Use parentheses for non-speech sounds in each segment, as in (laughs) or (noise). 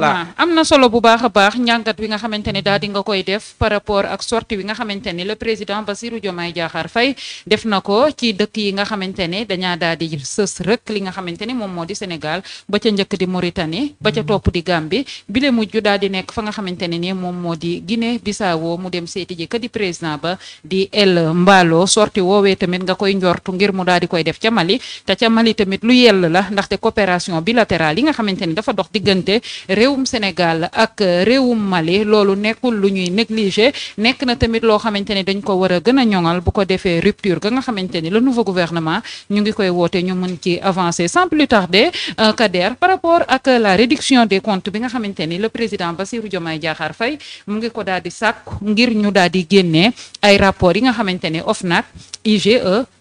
voilà ah, am na solo bu baax a baax njàngat wi nga xamante ne daal di nga koy def par rapport ak sorti wi nga xamante ne le président Bassirou Diomaye Diakhar fay def na ko ci dëkk yi nga xamante ne dañaa daal di sës rek li nga xamante ne moom moo di Sénégal ba ca njëkk di Mauritanie ba ca topp di Gambie bi le mujj daal di nekk fa nga xamante ne ni moom moo di Guinée Bissau mu dem seeti ji ka di président ba di El Mballo sorti woowee tamit nga koy njortu ngir mu daal di koy def ca Mali te ca Mali tamit lu yell la ndaxte coopération bilatérale yi nga xamante ne dafa dox diggante réewum Sénégal ak euh, réewum Mali loolu nekkul lu ñuy négligé nekk na tamit loo xamante ne dañ ko war a gën a ñoŋal bu ko defee rupture ga nga xamante ni le nouveau gouvernement ñu ngi koy woote ñu mën ci avancer sans plus tarder euh, Kader par rapport ak la réduction des comptes bi nga xamante ni le président Bassirou Diomaye Diakhar fay mu ngi ko daal di sàkk ngir ñu daal di génnee ay rapports yi nga xamante ne OFNAC IGE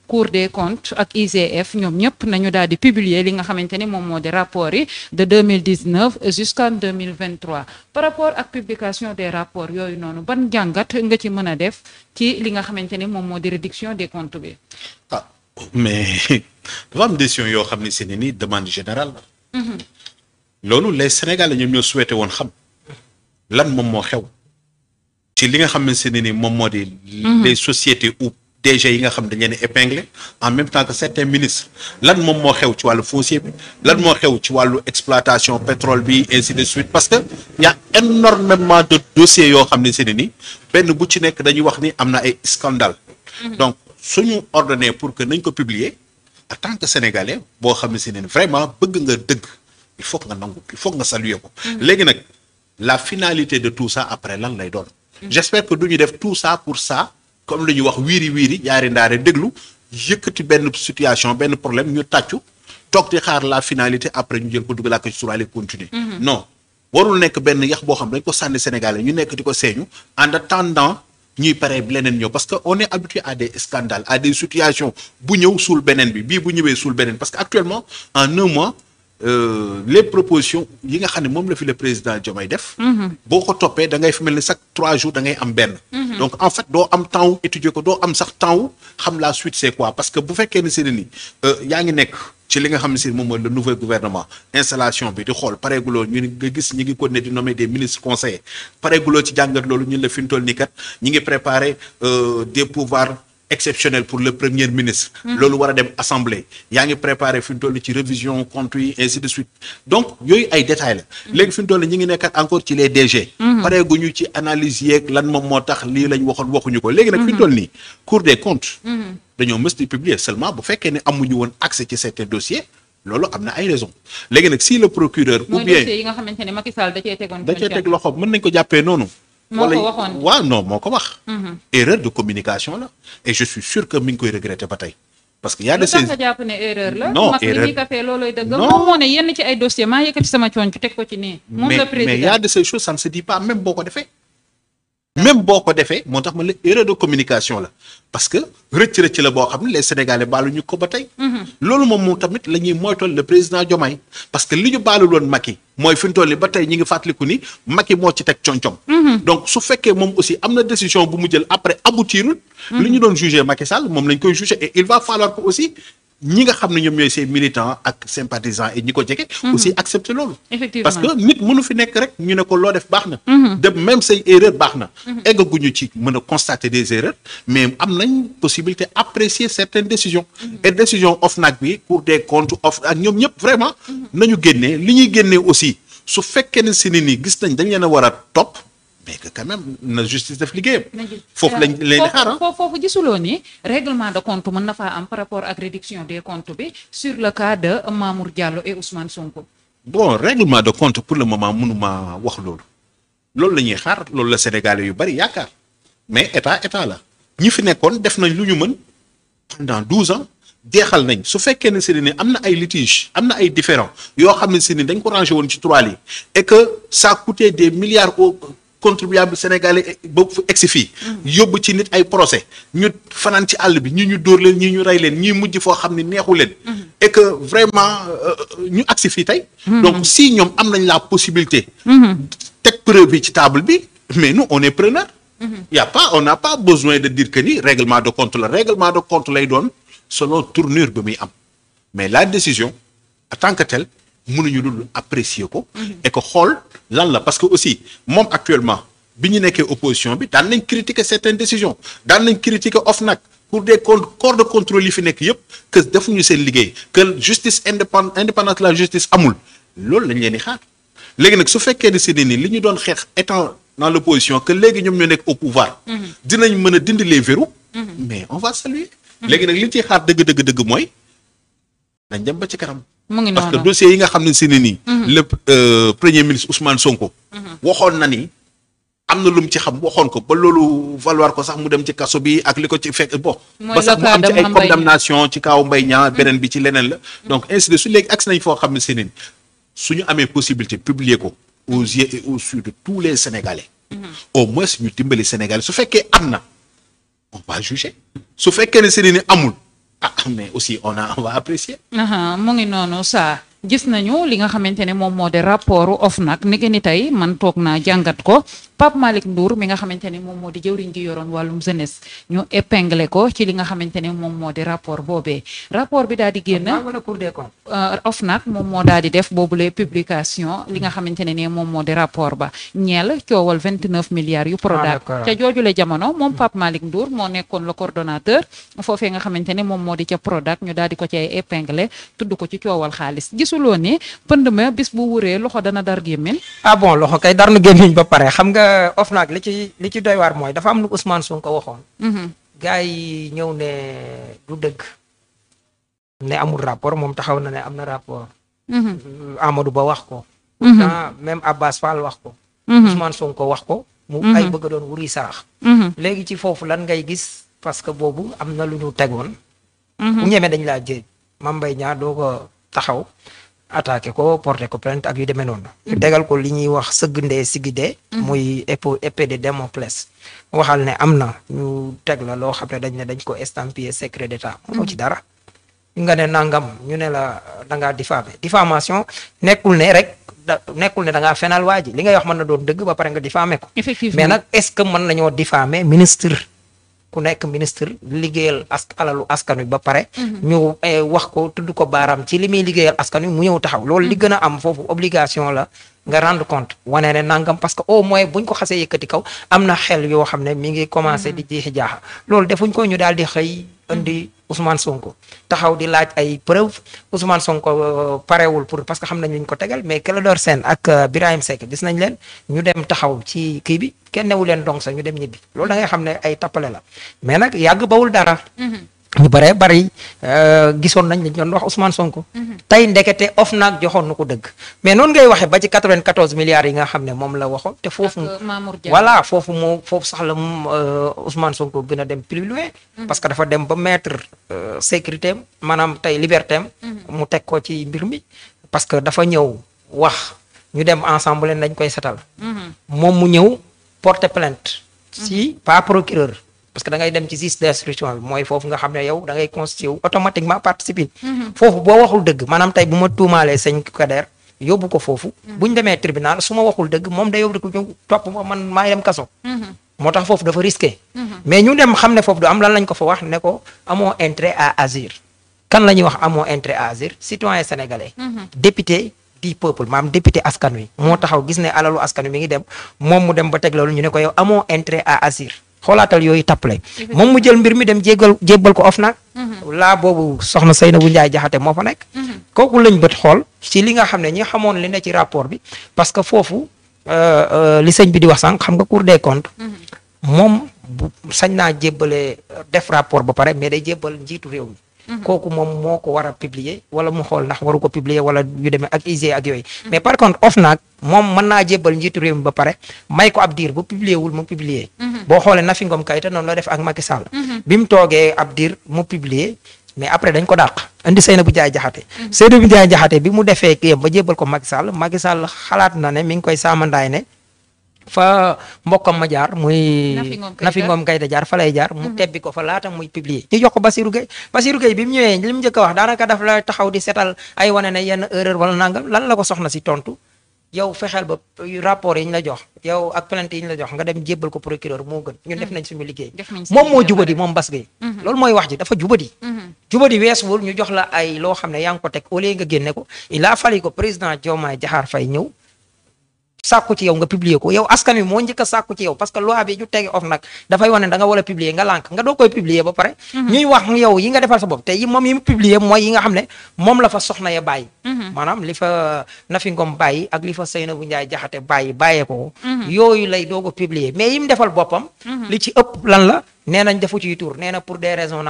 cour des comptes ak IGF ñoom ñëpp nañu daal di publier li nga xamante ni moom moo di rapport yi de 2019 jusqu'en 2023 par rapport ak publication des rapports yooyu noonu ban jàngat nga ci mën a def ci li nga xamante ni moom moo di réduction des comptes bi ah mais (laughs) dafa décision yoo xam ne si ni demande générale la mhm. loolu les Sénégalais ñoom ñoo souhaité woon xam lan moom moo xew ci li nga xamante ne ni moom moo mhm. sociétés DG yi nga xam dañ leen épinglé en même temps que certains ministres lan moom moo xew ci wàllu foncier bi lan moo xew ci wàllu exploitation pétrole bi ainsi de suite parce que y a énormément de dossiers yoo xam ne seeni ni benn bu ci nekk dañuy wax ni am na ay scandale mhm. donc suñu ordonné pour que nañ ko publier en tant que sénégalais boo xam ne si ne vraiment bëgg nga dëgg il faut que nga nangu il faut que nga saluer ko mhm. léegi nag la finalité de tout ça après lan lay doon mhm. comme li ñuy wax wiiri wiiri ñaari ndaare déglu yëkkati benn situation benn problème ñu tàccu toog di xaar la finalité après ñu jël ko dugalaat ko ci suraale continuer mhm. non warul nekk benn yax boo xam dañ ko sànni Sénégalais ñu nekk di ko seeñu en attendant ñuy paree leneen ñëw parce que on est habitué à des scandales à des situations bu ñëw suul beneen bi bii bu ñëwee suul beneen parce que actuellement en un mois Euh, les propositions yi nga xam ne moom la fi le président Diomaye def. Mhm. boo ko toppee da ngay fi mel ni chaque trois jours da ngay am benn. Mhm. donc en fait doo am temps étudier ko doo am sax temps wu xam la suite c'est quoi parce que bu fekkee ne si ne ni euh, yaa ngi nekk. li nga xam ne si moom mooy le nouveau bi di xool pareeguloo ñu nga gis ñi ngi continuer di nommer des ministres conseillers pareeguloo ci jàngat loolu ñun la fi ñu toll nii kat ñi ngi préparer euh, des pouvoirs. exceptionnel pour le premier ministre. Hmm. loolu war a dem assemblée. yaa ngi préparé fi mu toll ci révision compte yi ainsi de suite donc yooyu ay détails la. Hmm. léegi fi mu toll ñi ngi nekkat encore ci les DG. Hmm. pare gu ñu ci analyse yeeg lan moom moo tax lii lañ waxoon waxuñu ko. léegi nag fi mu toll nii Cour des comptes. dañoo mës publier seulement bu fekkee ne amuñu woon accès ci certains dossiers. loolu am na ay raison léegi nag si le procureur. ou bien mooy nga xamante ne Macky Sall da cee mën nañ ko jàppee noonu. wala waaw non moo ko wax. Mhm. erreur de communication la. et je suis sûr que mi koy regretter ba tey. parce que y' a de ces erreur la. non erreur li café looloy dëgg. moom moo yenn ci ay dossiers maa yëkkati sama coono teg ko ci nii. moom la président mais mais a de ces choses ça ne dit pas même boo ko defee. même boo ko defee moo tax ma la erreur de communication la parce que rëcc rëcc la boo xam ne les sénégalais baalu ñu ko ba tey. Mhm. loolu moom moom tamit la moytool le président Diomaye parce que li ñu baalul woon Macky mooy fi ñu ba tey ñi ngi fàttaliku ni Macky moo ci teg concom mhm. donc su fekkee moom aussi am na décision bu mu jël après aboutirul. Mhm. li ñu doon jugé Macky Sall moom lañ koy jugé et il va falloir que aussi ñi nga xam ne ñoom ñooy ses militant ak sympathisants et ñi ko jege. Mhm. aussi accepter loolu. effectivement parce que nit mënu fi nekk rek ñu ne ko loo def baax na. Mhm. dem même say erreur baax na. Mhm. eggaguñu ci mën a constater des erreurs mais am nañ possibilité apprécier certaines décisions. et décision OFNAC bi Cour des comptes of ak ñoom ñëpp vraiment. nañu génnee li ñuy génnee aussi su fekkee ne si ni nii gis nañ dañ leen a war a topp. mais que quand même na justice def liggéeyam. foofu lañ euh, leen ah. foofu gisuloo ni règlement de compte mën na faa am par rapport ak réduction des comptes bi sur le cas de Mamour Diallo et Ousmane Sonko. bon règlement de compte pour le moment mënuma wax loolu loolu la ñuy xaar loolu la Sénégalais yu bari yaakaar mais état état la. ñi fi nekkoon def nañ lu ñu mën pendant douze ans jeexal nañ su fekkee ne si ne am na ay litiges am na ay différends yoo xam ne si ne dañ ko rangé woon ci trois yi que ça coûtait des milliards contribuable sénégalais ba fu egsi fii. yóbbu ci nit ay procès ñu fanaan ci àll bi ñi ñu dóor leen ñi ñu rey leen ñi mujj foo xam ne neexu leen. Mm-hmm. et que vraiment euh, ñu agsi fii tey. Mm-hmm. donc si ñoom am nañ la possibilité. Mm-hmm. teg preuve bi ci table bi mais nous on est preneur. y a pas on n'a pas besoin de dire que ni réglement de compte la réglement de compte lay doon selon tournure bi muy am mais la décision en tant que telle. mënuñu dul apprécier ko. et que xool lan la parce que aussi moom actuellement bi ñu nekkee opposition bi daan nañ critiquer certaines décisions daan nañ critiquer OFNAC pour des corps de contrôle yi fi nekk yépp que defuñu seen liggéey que justice indépend indépendance de la justice amul loolu lañ leen di xaar léegi nag su fekkee ne si ni li ñu doon xeex étant dans l'opposition que léegi ñoom ñoo nekk au pouvoir. dinañ mën a dindi les verrous. mais on va saluer. léegi nag li ñu dëgg dëgg mooy. nañ dem ba ci kanam. mu ngi noonu parce que dossier yi nga xam ne si ne nii. Mhm. le euh, premier ministre son Sonko. Mhm. waxoon na ni am na lu mu ci xam waxoon ko ba loolu valoir ko sax mu dem ci kaso bi ak li ko ci fekk bon. ba sax mu am ci ay condamnation ci kaaw Mbaye Niang mhm. beneen bi ci leneen la. donc ainsi de suite léegi agsi nañ foo xam ne si ne su ñu amee possibilité publier ko aux yeux et aux yeux tous les Sénégalais. au moins ñu timbali Sénégalais su fekkee am na on su fekkee ne si ne ni amul. ah mais aussi on a on va apprécier. mu ngi noonu saa gis nañu li nga xamante ne moom moo de rapport OFNAC nag ni ni tey man toog naa jàngat ko Pape Malick Ndour mi nga xamante ne moom moo di jëwriñ ji yoroon wàllum jeunesse ñu épinglé ko ci li ne moom moo di rapport boobee rapport bi daal di génn euh, OFNAC moom moo daal di def boobule publication li nga xamante ne ne moom moo di rapport ba ñeel coowal 29 milliards yu ah, Prodac ca jooju le jamono moom hmm. Pape Malick Ndour moo nekkoon le coordonnateur foofee nga xamante ne moom moo di ca Prodac ñu daal di ko ci ay épinglé tudd ko ci coowal xaalis gisuloo ne pënd ma bis bu wuree loxo dana dar gémmiñ ah bon loxo kay dar na gémmiñ ba pare nga euh, OFNAC li ci li ci doy waar mooy dafa am lu Ousmane Sonko waxoon. Mhm. gars yi ñëw ne du dëgg. ne amul rapport moom taxaw na ne am na rapport. Mhm. Euh, Amadou Ba wax ko. Mhm. pourtant même Abbas Fall wax ko. Ousmane Sonko wax ko. mu ay bëgg doon wuri sarax. léegi ci foofu lan ngay gis parce que boobu am na lu ñu tegoon. bu ñemee dañ laa jéem. Mame Mbaye Niang doo taxaw attaqué ko porté ko plainte ak yu demee noonu. ñu mm-hmm. tegal ko li ñuy wax sëgg ndee siggi dee. Mm-hmm. muy épée de Damoclès waxal ne am na ñu teg la loo xam ne dañ ne dañ ko estampillé secret d'état. mënoo mm-hmm. ci dara. nga ne nangam ñu ne la da ngaa diffamé diffamation nekkul ne rek da nekkul ne da ngaa fenal waa li ngay wax mën na doon dëgg ba pare nga diffamé ko. effectivement mais nag est-ce que mën nañoo diffamé ministre. ku nekk ministre liggéeyal as alalu askan wi ba pare. Mhm. ñu eh, wax ko tudd ko baaraam ci li muy liggéeyal askan wi mu ñëw taxaw. loolu li mhm. gën a am foofu obligation la nga rendre compte wane ne nangam parce que au moins buñ ko xasee yëkkati kaw am na xel yoo xam ne mi ngi commencé mhm. di jiixi jaaxa loolu defuñ ko ñu daal di xëy indi. Ousmane Sonko taxaw di laaj ay preuve Ousmane Sonko euh, parewul pour parce que xam nañ ñu ko tegal mais Clédor seen ak euh, Birahim Seck gis nañ leen ñu dem taxaw ci kii bi kenn newu leen donc sax ñu dem ñibbi loolu da ngay xam ne ay tappale la mais nag yàgg bawul dara. Mm-hmm. ñu bare bari euh, gisoon nañ ne ñu doon wax Ousmane Sonko. Mhm. tey ndekete OFNAC joxoon na ko dëgg. mais noon ngay waxee ba ci 94 milliards yi nga xam ne moom la waxoon. te foofu euh, voilà foofu moo foofu sax la euh, Ousmane Sonko gën dem plus loin. Mhm. parce que dafa dem ba mettre sécurité am maanaam tey liberté mhm. mu teg ko ci mbir mi. parce que dafa ñëw wax ñu dem ensemble nañ koy setal. moom mu ñëw porter plainte. si pas procureur. parce que da ngay dem ci six des rituel bi mooy foofu nga xam ne yow da ngay constitué wu automatiquement participer. foofu boo waxul dëgg maanaam tey bu ma tuumaalee sëñ Kader yóbbu ko foofu. bu ñu demee tribunal su ma waxul dëgg moom day yóbbu ko ñëw topp ma man maa dem kaso. moo tax foofu dafa risqué. mais ñu dem xam ne foofu du wax ne ko amoo intérêt à agir. kan la wax amoo intérêt à agir xoolaatal yooyu tappale moom mu jël mbir mi dem jéggal jébbal ko OFNAC mhm. laa boobu soxna na Seynabou Ndiaye Jaxate moo fa nekk mhm. kooku lañ bët xool si li nga xam ne ñi xamoon li ne ci rapport bi parce que foofu euh, euh, li sëñ bi di wax sànq xam nga Cour des comptes mhm. moom sañ naa jébbale def rapport ba pare mais day jébbal njiitu réew Mm-hmm. kooku moom moo ko war a publier wala mu xool ndax waru ko publier wala yu demee ak IGE ak yooyu. Mm-hmm. mais par contre OFNAC moom mën naa jébbal njiitu réew mi ba pare may ko ab diir bu publier wul mu publier. Mm-hmm. boo xoolee Nafi Ngom Keïta noonu la def ak Macky Sall. bi mu toogee ab mu publier. mais après dañ ko dàq indi Seynabou Ndiaye Diakhaté Seynabou Ndiaye Diakhaté bi mu defee kii ba jébbal ko Macky Sall Macky Sall na ne mi ngi koy saamandaay ne fa mbokkam ma jaar muy Nafi Ngom Kayta jaar fa lay jaar mu mhm. tebbi ko fa laata muy publier ñu jox a la taxaw di seetal ay wane ne yenn erreur wala la ko soxna si tontu ba rapport yi ñu la yi la jox nga dem ko procureur moo gën ñun def mhm. nañ suñu liggéey moom la loo xam ne yaa ngi ko teg au lieu nga génne ko il a fallu ko président Diomaye Diakhar Faye ñëw sàkku ci yow nga publier ko yow askan wi moo njëkk a ci yow parce que loi bi ju tege of nag dafay wane da nga war a nga lànk nga doo koy publier ba pare. Mhm. ñuy wax yi nga defal sa bopp te yi moom yi mu mooy yi nga xam ne moom la fa soxna ya bàyyi. Mhm. maanaam li fa Nafi Ngom bàyyi ak li fa Seynabou Ndiaye Jaxate bàyyi bàyyee mhm. yooyu lay doog a publier mais yi defal boppam. li ci ëpp lan la nee nañ ci tur nee pour des raisons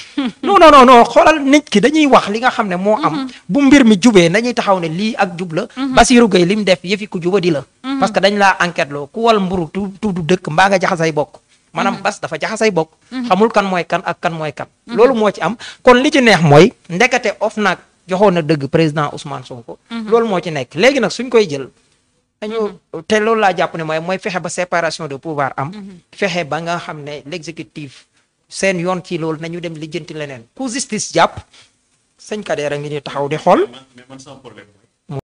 (laughs) non non non non xoolal nit ki dañuy wax li nga xam ne moo am. Mm-hmm. bu mbir mi jubee nañuy taxaw ne li ak jub la. Mm-hmm. Basirou Gueye li mu def yëfi ku juba di la. Mm-hmm. parce que dañ laa enquête loo ku wal mburu tu tudd dëkk mbaa nga jaxasay bokk. maanaam bas dafa jaxasay bokk. xamul kan mooy kan kan mooy kan. loolu moo ci am kon li ci neex mooy ndekete of nag joxoon na dëgg président Ousmane Sonko. loolu moo ci nekk léegi nag suñ koy jël. dañu te loolu laa jàpp ne mooy mooy fexe ba séparation de pouvoir am. fexe ba nga xam ne l'exécutif seen yoon ci loolu ñu dem lijjanti leneen ku justice jàpp sëñ Kader a ngi ñu taxaw di xool. mais man sama